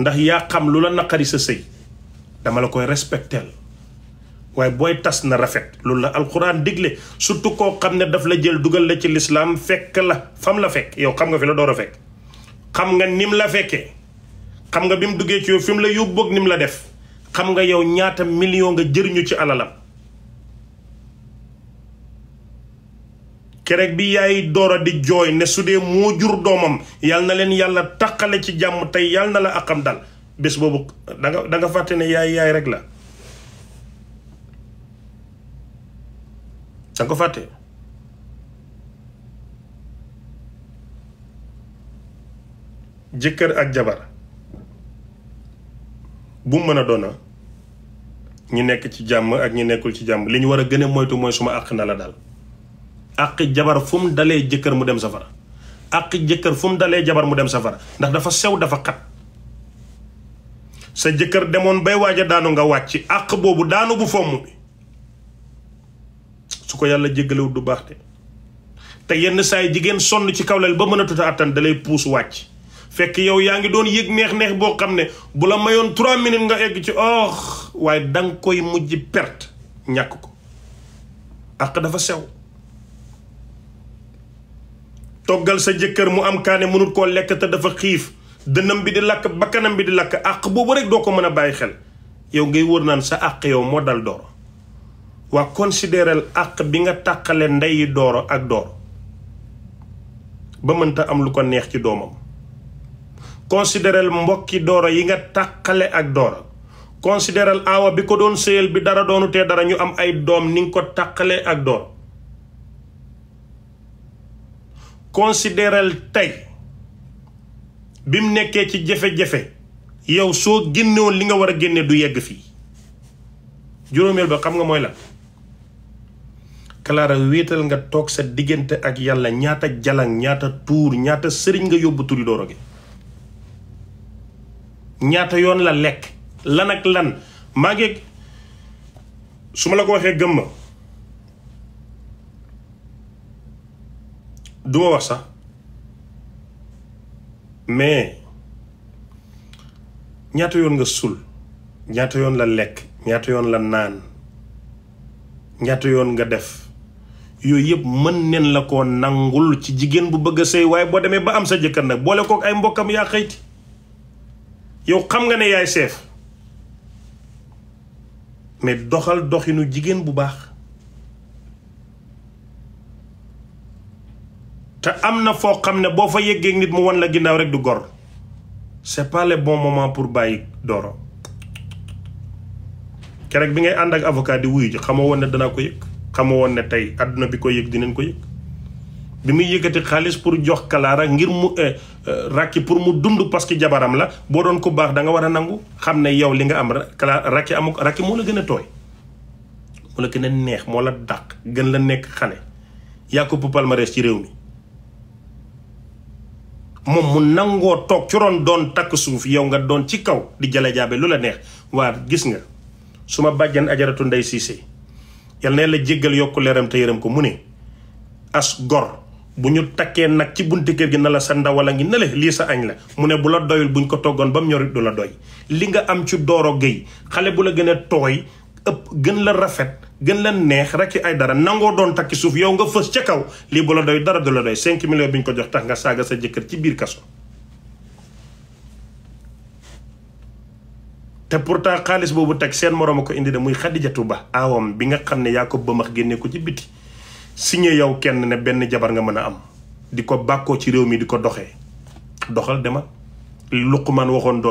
ndax yaa xam lu la naqari sa sëy dama la koy respecteel waaye booy tas na rafet loolu la alxuraan digle surtout koo xam ne daf la jël dugal la ci lislaam fekk la fam la fekk yow xam nga fi la door a fekk xam nga ni mu la fekkee xam nga bi mu duggee ci yow fi mu la ni mu la def xam nga yow ñaata million nga jëriñu ci alalam kereg bi yaay doora di jooy ne su dee moo jur doomam yal na leen yàlla taqale ci jàmm tey yal na la akam dal bés boobu da danga da fàtte ne yaay yaay rek la da ko fàtte jëkkër ak jabar bu mu mën a doona ñu nekk ci jàmm ak ñu nekkul ci jàmm li ñu war a gën a moytu mooy suma àq na la dal àqi jabar fu dalee jëkkër mu dem safara àqi jëkkër fu mu dalee jabar mu dem safara ndax dafa sew dafa xat sa jëkkër demoon bay waaj a daanu nga wàcc àq boobu daanu bu fomm bi su ko yàlla jéggalewut du baax te te yenn saa yi jigéen sonn ci kawleel ba mën a tuta àttan dalay puus wàcc fekk yow yaa ngi doon yëg neex-neex boo xam ne bu la mayoon trois minutes nga egg ci oh waaye danga koy mujj perte ñàkk ko àq dafa sew Togal sa jëkkër mu am kaane mënut koo lekk te dafa xiif dënam bi di lakk bakkanam bi di lakk àq boobu rek doo ko mën a bàyyi xel yow ngay wër naan sa àq yow moo dal dooro waa considéral àq bi nga tàqale yi dooro ak door ba mënta am lu ko neex ci doomam considéral mbokki dooro yi nga tàqale ak door considéral aawa bi ko doon sëyal bi dara doonu dara ñu am ay doom ni nga ko tàqale ak door considéral tey bi mu nekkee ci jafe-jafe yow soo génnewoon li nga war a génne du yegg fii juróomeel ba xam nga mooy la Clara wéetal nga toog sa diggante ak yàlla ñaata jalan ñaata tuur ñaata sëriñ nga yóbbu turi dooro gi ñaata yoon la lekk lan ak lan maa ngi su ma la ko waxee gëm ma dua wax mais ñaata yon nga sul ñaata yon la lek, ñaata yon la nan, ñaata yon nga def Yoy yeb mën nen la ko nangul ci jigen bu bëgg sey way bo boo ba am sa nak bo le ko ay mbokam ya xeyti. yow xam nga ne yaay chef. mais doxal doxinu jigen bu bax. te am na foo xam ne boo fa yeggee nit mu wan la ginnaaw rek du gor c'est pas le bon moment pour bàyyi dooro keroog bi ngay ànd ak avocat di wuyu ji xamoo woon ne danaa ko yëg xamoo woon ne tey àdduna bi ko yëg dinañ ko yëg bi muy yëkkati xaalis pour jox kalaara ngir mu eh, eh, rakki pour mu dund parce que jabaram la boo doon ko baax danga war a nangu xam ne yow li nga am kala rakki amu rakki moo la gën a tooy moo la gën a neex moo la dàq gën la nekk xale yaa ko palmarès ci réew mi moom mu nangoo toog ci ron doon takk suuf yow nga doon ci kaw di jale jaabe lu la neex waa gis nga su ma bàjjan ajaratu ndey siise yal na la jéggal yokku leeram te yërëm ko mu ne as gor bu ñu takkee nag ci bunti kër gi na la sa ndawala ngi ne le lii sa añ la mu ne bu la doyul bu ñu ko toggoon ba mu ñor du la doy li nga am ci Doro Gueye xale bu la gën a tooy ëpp gën la rafet gën la neex rek ay dara nango doon takki suuf yow nga feus ci kaw li bu la doy dara do la doy 5 millions biñ ko jox tax nga saga sa jëkkeer ci biir kasso té pourtant xaliss bobu seen morom ko indi de muy khadija touba awam bi nga xamné ne ko bëmax génné ko ci biti signé yow kenn ne ben jabar nga mëna am di ko ci réew mi di ko doxal demal luqman waxon